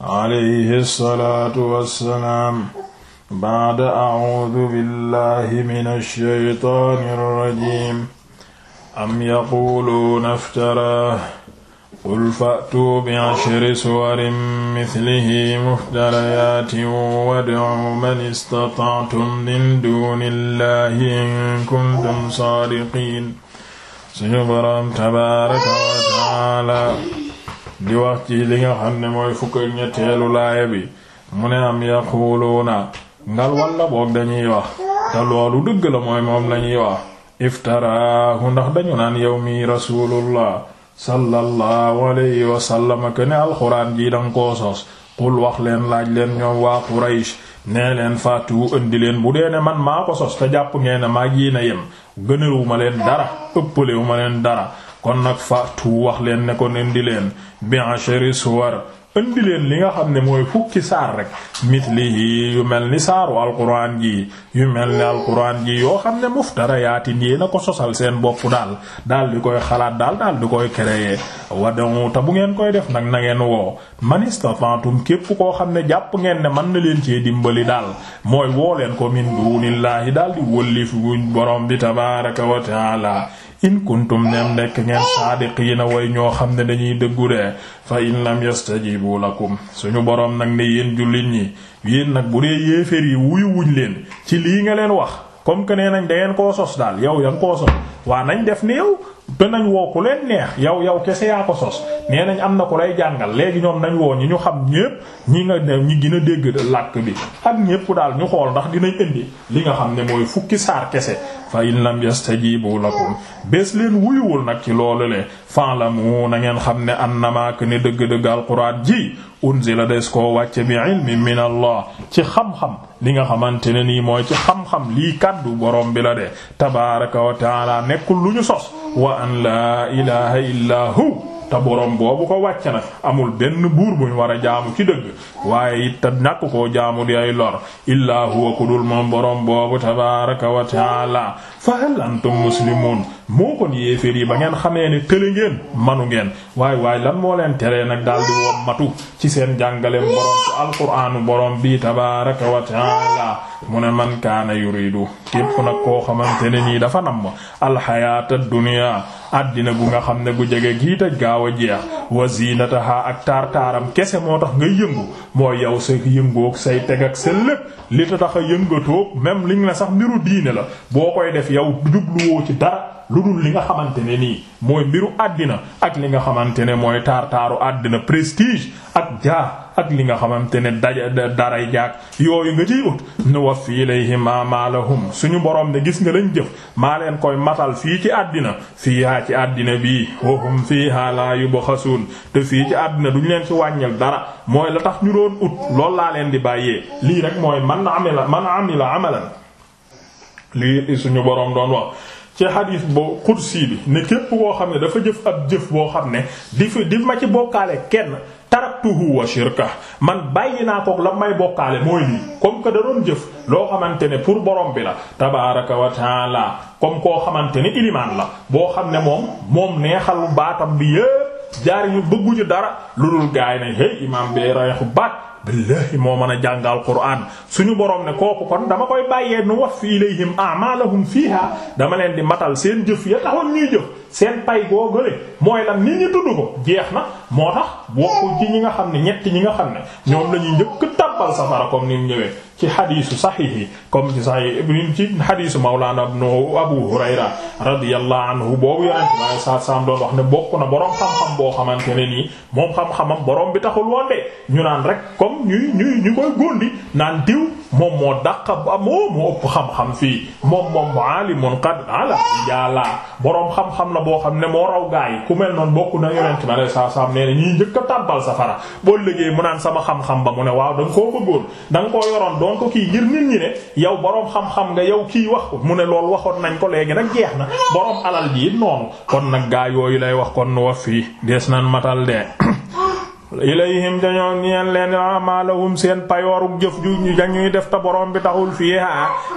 alayhi salaatu wassalaam baada acuudu billahi min alshaytaani alrajim am yaquuluuna iftarah qul fa'tuu bi'ashri suwarin mithlihi muftarayaatin wad'uu man istata'tum min duuni llahi in kuntum saadiqiin suñu boroom tabaaraka wa ta'aala di wax ci li nga xam ne mooy fukk ak ñetteelu laaya bi mu ne am yaquluuna ngal walla boog dañuy wax te loolu dëgg la mooy moom lañuy wax iftaraahu ndax dañu naan yow mi rasulullah sallallahu alayhi wa sallam ke ne alxuraan jii danga koo sos qul wax leen laaj leen ñoom waa Quraysh nee leen faatu indi leen bu dee ne man maa ko sos te jàpp ngeen ne maa yéen a yem gënaluma leen dara ëppalewuma leen dara kon nag fatu wax leen ne ko indi leen bi ashri suwar indi leen li nga xam ne mooy fukki saar rek mislihi yu mel ni saaru alquran ji yu mel ni alquran ji yoo xam ne muftarayaatin yéen a ko sosal seen bopp daal daal di koy xalaat daal daal di koy créer wadamu ta bu ngeen koy def nag na woo man istata'tum képp koo xam ne jàpp ngeen ne mën na leen cee dimbali daal mooy woo leen ko min dunillahi daal di wëllifu borom bi tabaraka wa in kuntum nem nekk ngeen saadiqiina way ñoo xam ne dañuy dëggu de fa in lam yastajibu lakum suñu boroom nag ni yéen jullit ñi yéen nag bu dee yéeféer yi wuyu wuñ leen ci lii nga leen wax comme que nee nañ dangeen koo sos daal yow ya koo sos waa nañ def ni yow te nañ woo ku leen neex yow yow kese yaa ko sos nee nañ am na ku lay jàngal léegi ñoom nañu woo ñi ñu xam ñépp ñi nga ne ñi gën a dégg làkk bi ak ñépp daal ñu xool ndax dinañ indi li nga xam ne mooy fukki saar kese fa in lam yastajibu lakum bés leen wuyuwul nag ci loolu le fa'lamu na ngeen xam ne annama kana dëgg-dëgg alquran ji unzila des koo wàcce bi ilmi min allah ci xam-xam li nga xamante ne nii mooy ci xam-xam lii kàddu borom bi la de tabaraka wa nekkul lu ñu sos wa wa an laa ilaha illaa hu borom boobu ko wàcc na amul benn buur buñ war a jaamu ci dëgg waaye it te ñàkk koo jaamu di ay lor illaa huwa ku dul moom borom boobu tabaraka wa taala fa hal muslimun moo kon yéeféer ba ngeen xamee ne tële ngeen manu ngeen waaye waay lan moo leen teree nag daal di wommatu ci seen jàngaleem borom ci alquranu borom bi tabaraka wa taala mu ne man kaana yuridu képp nag koo xamante ne nii dafa nam alxayaata dunya àddina gu nga xam ne gu jege gii te gaaw a jeex wa zinataha ak taar-taaram kese moo tax nga yëngu moo yow sa yëngoog say teg ak sa li ta tax a yëngatoog même li nga sax mbiru diine la boo koy def yow jubluwoo ci dara lu dul li nga xamante ne nii mooy mbiru àddina ak li nga xamante ne mooy taar taaru àddina prestige ak jaa ak li nga xamante ne daja daray jaak yooyu nga ciy ut nu waffi ilayhim ma maalahum suñu borom ne gis nga lañ jëf maa leen koy matal fii ci àddina fiihaa ci àddina bii wahum fiihaa laa yubxasuun te fii ci àddina duñu leen ci wàññil dara mooy la tax ñu doon ut lool laa leen di bàyyee lii rek mooy man amila man amila amalan lii suñu borom doon wax ci xadis boo xudsi bi ne képp koo xam ne dafa jëf ak jëf boo xam ne di fi di ma ci bokkaale kenn taraktuhu wa shirka man bàyyi naa ko la may bokkaale mooy lii comme que da jëf loo xamante ne pour borom bi la tabaaraka wa taala koo xamante ne ilimaan la boo xam ne moom moom neexalu baatam bi yëpp jaar bëgguñu dara lu dul gaay na hey imaam bi baat billahi moo mën a jàngal quraan suñu boroom ne kooku kon dama koy bàyyee nu wax fi ilayhim a'malahum fiha dama leen di matal seen jëf ya taxoon ñuy jëf seen pay goo gële mooy lan nit ñi tudd ko jeex na moo tax bokku ci ñi nga xam ne ñetti ñi nga xam ne ñoom lañuy njëkk tàbbal safara comme ni ñëwee ci xadiisu saxiix yi comme ci saxiix ibn ci xadiisu mawlaana ibnu abu hurayra radiyallahu anhu boobu yonent bi alayhi salaatu salaam wax ne bokk na boroom xam-xam boo xamante ne nii moom xam-xamam boroom bi taxul woon de ñu naan rek comme ñuy ñuy naan diw moom moo dàq ba ëpp xam-xam fii moom moom mu alimun qad ala yàlla boroom xam-xam la boo xam ne moo raw gaa yi ku mel noonu bokk na yonent bi alayhi salaatu salaam nee na njëkk a tàbbal safara boo liggéey mu naan sama xam-xam ba mu ne waaw da nga koo bëggoon da koo yoroon doon kii ngir nit ñi ne yow boroom xam-xam nga yow kii wax ko mu ne lool waxoon nañ ko léegi nag jeex na boroom alal bii noonu kon nag gaa yooyu lay wax kon wa fii des nan matal de ilayhim dañoo ñeen leen amalahum seen payooru jëf ju dañuy def ta borom bi taxul fiiha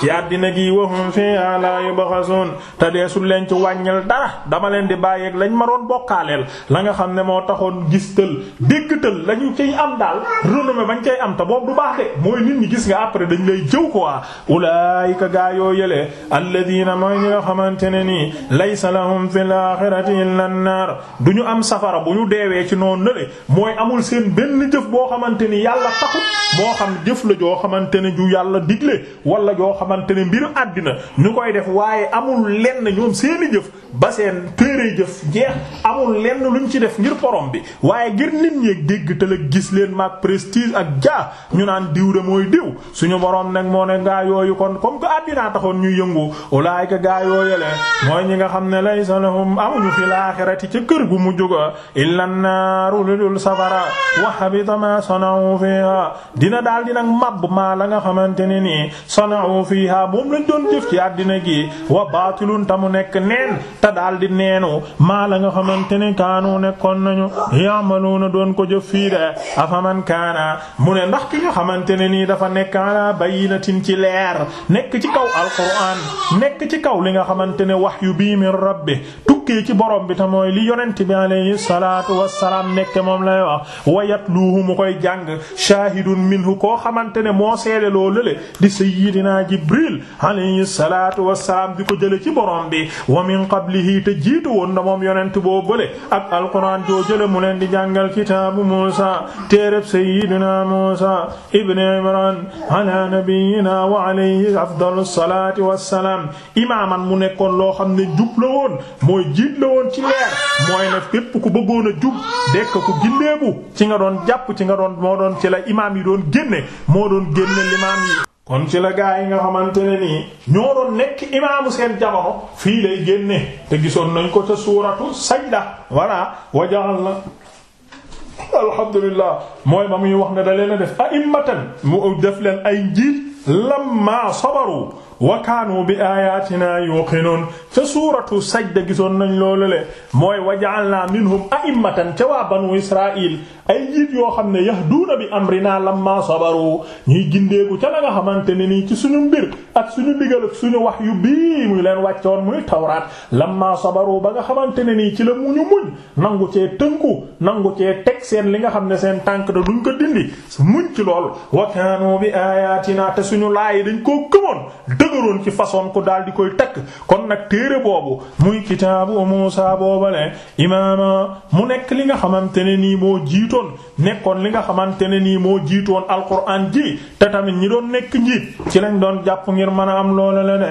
ci àddina gi wahum fiiha la yubxasun te deesul leen ci wàññil dara dama leen di bàyyeeg lañ ma doon bokkaaleel la nga xam ne moo taxoon gis tël dégg tël lañu ci am daal ma bañ cay am te boobu du baax de mooy nit ñi gis nga après dañ lay jëw quoi ulaayika gaa yoo yëlee alladina mooy ñi nga xamante ne nii laysa lahum fil axirati illa an du ñu am safara bu ñu deewee ci noonu amul seen benn jëf boo xamante ni yàlla taxut moo xam jëf la joo xamante ne ju yàlla digle wala joo xamante ne mbir àddina ñu koy def waaye amul lenn ñoom seeni jëf ba seen téere jëf jeex amul lenn luñ ci def ngir porom bi waaye ngir nit ñi dégg te la gis leen maag prestige ak jaa ñu naan diw de mooy diw suñu borom nag moo ne gaa yooyu kon comme que àddinaa taxoon ñuy yëngu ulaayka gaa yooyu le mooy ñi nga xam ne laysa lahum amuñu fil aaxirati kër gu mujj naaraa wa habita ma sana'u dina daal di nag màbb maa la nga xamante ne nii sana'u fiha moom lañ doon jëf ci àddina gi wa baatilun tamu nekk neen te daal di neenu maa la nga xamante ne kaanu nekkoon nañu ya'maluna doon ko jëf fii de afaman kaana mu ne ndax ki nga xamante ne nii dafa nekk ala bayyinatin ci leer nekk ci kaw alquran nekk ci kaw li nga xamante ne wahyu bi min rabbi tukkee ci borom bi te mooy li yonent bi alayhi salaatu wassalaam nekk moom lay wax wa yatluuhu mu koy jàng shaahidun minhu koo xamante ne moo seede loo lële di sayyidina Jibril alayhi salaatu wassalaam bi ko jële ci borom bi wa min qablihi te jiitu woon moom yonent boo bële ak alquran joo jële mu leen di jàngal kitaabu Muusa téereb sayyidina Muusa ibn Imran ala nabiyyina wa alayhi afdalus salaati wassalaam imaaman mu nekkoon loo xam ne jublo la jiit la woon ci leer mooy ne képp ku bëggoon a jub dekk ku gindeebu ci nga doon jàpp ci nga doon moo doon ci la imaam yi doon génne moo doon génne limaam yi kon ci la gaa yi nga xamante ne nii ñoo doon nekk imaamu seen jamono fii lay génne te gisoon nañ ko ca suuratu sajda voilà wajaxal la alhamdulillah mooy ba muy wax ne da leen a def a'immatan mu def leen ay njiit lamma sabaru wa kaanu bi ayatina yuqinun ca suuratu sajda gisoon nañ loolu le mooy wa ja'alna minhum a'immatan ca waa banu israil ay jiit yoo xam ne yahduuna bi amrina lamma sabaru ñuy gindeeku ca la nga xamante ne nii ci suñu mbir ak suñu digal suñu wax yu bii muy leen wàccoon muy tawraat lamma sabaru ba nga xamante ne nii ci la muñu muñ nangu cee tënku nangu cee teg seen li nga xam ne seen tànk da duñ ko dindi muñ ci lool wa kaanu bi ayatina te suñu laay dañ koo gëmoon dëgëroon ci façon ko daal di koy takk kon nag téere boobu muy kitaabu Muusaa boobale imaama mu nekk li nga xamante ne nii moo jiitoon nekkoon li nga xamante ne nii moo jiitoon alquran ji te tamit ñi doon nekk njiit ci lañ doon jàpp ngir mën a am loola la de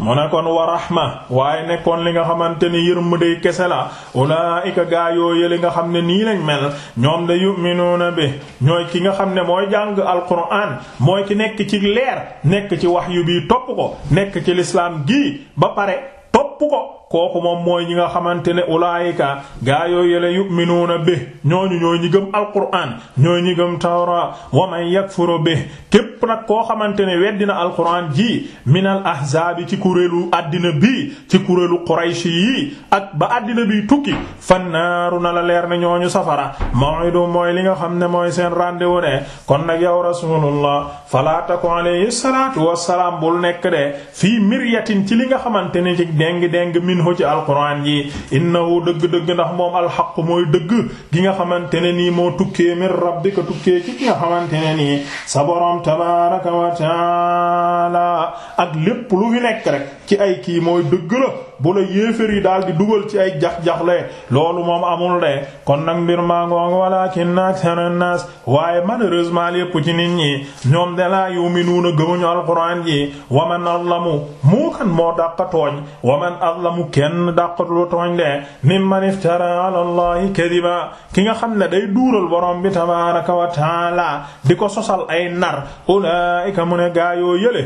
mu ne kon wa rahma waaye nekkoon li nga xamante ni ne yërmande kese la ulaa'ika gaa yooyu li nga xam ne nii lañ mel ñoom da yu'minuuna bi ñooy ki nga xam ne mooy jàng alquran mooy ki nekk ci leer nekk ci wax yu bii topp ko nekk ci lislaam gi ba pare topp ko kooku moom mooy ñi nga xamante ne ulaayika gaa yoo yële yu'minuuna bi ñooñu ñooy ñi gëm alquraan ñooy ñi gëm tawra wa man yakfuru bi képp képp koo xamante ne weddina alquran ji minal ahzaabi ci kuréelu àddina bi ci kuréelu quraysh yi ak ba àddina bi tukki fannaaru na la leer ne ñooñu safara maw'idu mooy li nga xam ne mooy seen rendez-vous kon nag yow rasulullah fala taku alayhi salatu wassalaam bul nekk de fii miryatin ci li nga xamante ne ci déng déng minhu ci alquran ji innahu dëgg-dëgg ndax moom alxaq mooy dëgg gi nga xamante ne nii moo tukkee min rabbika tukkee ci nga xamante ne nii sa tabaaraka wa ta'aala ak lépp lu fi nekk rek ci ay kii mooy dëgg la bu la yéefér yi daal di dugal ci ay jax-jaxle loolu moom amul de kon nag mbir maa ngoog walakin akthara an-nas waaye malheureusement lépp ci nit ñi ñoom de laa yu'minuuna gëmuñu alquran ji waman azlamu moo kan moo dàqa tooñ waman azlamu kenn dàqatulu tooñ de mimman iftara ala allahi kadiba ki nga xam ne day duural borom bi tabaraka wa taala di ko sosal ay nar ulaika mu ne gaayoo yële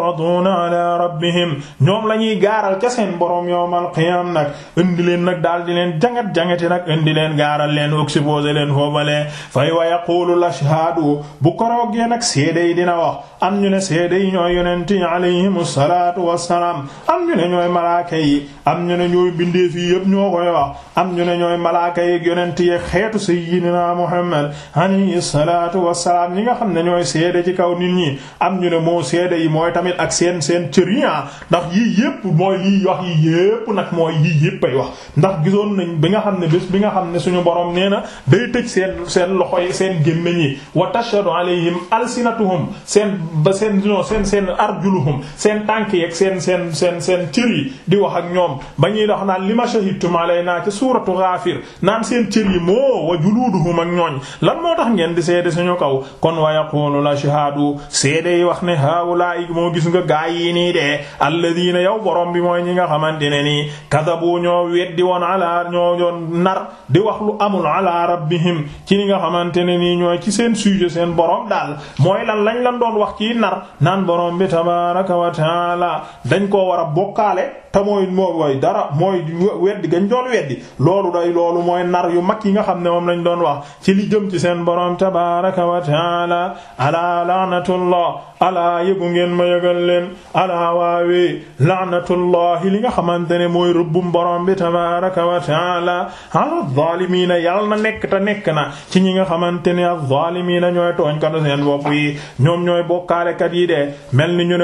yu'raduuna ala rabbihim ñoom la ñuy gaaral ca seen borom yawmal qiyaam nag indi leen nag daal di leen jangat jangati nag indi leen gaaral leen exposé leen foofale fay wa yaqulu lashhaadu bu koroogee nag seede yi dina wax am ñu ne seede yi ñooy yonent yi alayhimu salaatu wassalaam am ñu ne ñooy malaaka yi am ñu ne ñooy bindeef yi yépp ñoo koy wax am ñu ne ñooy malaaka yi yonent yi xeetu sayyidina Muhammad alayhi salaatu wassalaam ñi nga xam ne ñooy seede ci kaw nit ñi am ñu ne moo seede yi mooy tamit tamit ak seen seen cër yi ah. ndax yii yépp mooy lii wax yii yépp nag mooy yii yépp wax ndax gisoon nañ bi nga xam ne bés bi nga xam ne suñu borom nee na day tëj seen seen loxo yi seen gémmiñ yi wa tashhadu alayhim alsinatuhum seen ba seen non seen seen arjuluhum seen tànk yeeg seen seen seen seen cër yi di wax ak ñoom ba ñuy dox naan lima shahidtum alayna ci suuratu Ghafir naan seen cër yi moo wa juluduhum ak ñooñ lan moo tax ngeen di seede suñu kaw kon wa yaqulu la shahadu seede yi wax ñoo gis nga gaay yi nii dee alladina yow borom bi mooy ñi nga xamante ne nii kadabu ñoo weddi woon ala ñoo doon nar di wax lu amul ala rabbihim ci li nga xamante ne nii ñooy ci seen sujet seen borom daal mooy lan lañ lan doon wax ci nar naan borom bi tabaraka wa taala dañ koo war bokkaale te mooy moo mooy dara mooy weddi gañ doon weddi loolu day loolu mooy nar yu mag yi nga xam ne moom lañ doon wax ci li jëm ci seen boroom tabaraka wa taala alaa laanatullah alaa yëgu ngeen ma yëgal leen alaa waawee laanatullahi li nga xamante ne mooy rëbbum boroom bi tabaraka wa taala ala zaalimiina yàlla na nekk te nekk na ci ñi nga xamante ne az-zaalimiina ñooy tooñkatu seen bopp yi ñoom ñooy bokkaalekat yi de mel ni ñu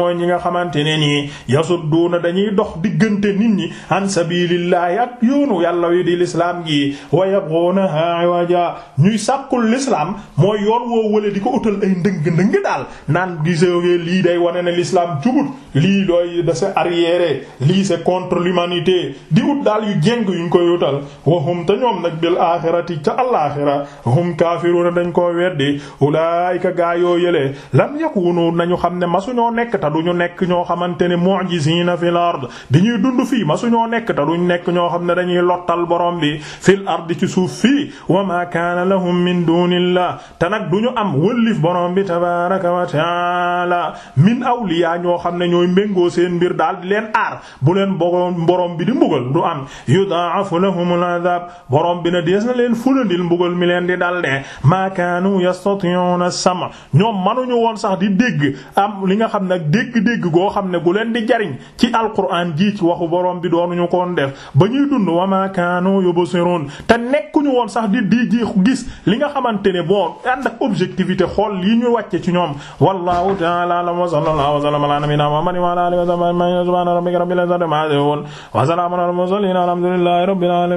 mooy ñi nii yasudduuna dañuy dox diggante nit ñi an sabilillahi ak yoonu yàlla wi di lislaam gi wa yabghunaha iwaja ñuy sàkkul lislaam mooy yoon woo wële di ko utal ay ndëng-ndëng daal naan gisewee lii day wane ne lislaam jubut lii dooy da c'est arriéré lii c'est contre l'humanité di ut daal yu jéng yuñ koy utal wa hum te ñoom nag bil axirati ca alaaxira hum kaafiruuna dañ koo weddi ulaayika gaa yoo yëlee lam nañu xam ne masuñoo nekk te duñu nekk ñoo xamante ne mu'jizina fil ard di ñuy dund fii ma suñoo nekk te duñ nekk ñoo xam ne dañuy lottal borom bi fil ard ci suuf fii wa ma kaana lahum min dunillah te nag duñu am wëllif borom bi tabaraka wa taala min awliya ñoo xam ne ñooy mbéngoo seen bir daal di leen aar bu leen borom bi di mbugal du am yudaafu lahumul adab borom bi na dees na leen fulandil mbugal mi leen di dal de ma kaanu yastati'una sam ñoom manuñu woon sax di dégg am li nga xam ne dégg-dégg goo xam ne leen di jariñ ci alquran ji waxu borom bi doonuñu koon def ba ñuy dund wa ma kaanu yubsirun te nekkuñu woon sax di di ji gis li nga xamante ne bon ànd ak objectivité xool yi ñu wàcce ci ñoom wallahu ta'ala a'lam wa sallallahu wa sallama ala a muhammadin wa ala alihi wa sahbihi a rabbika rabbil izzati amma yasifun wa salamun ala mursalin alhamdulillahi rabbil alamin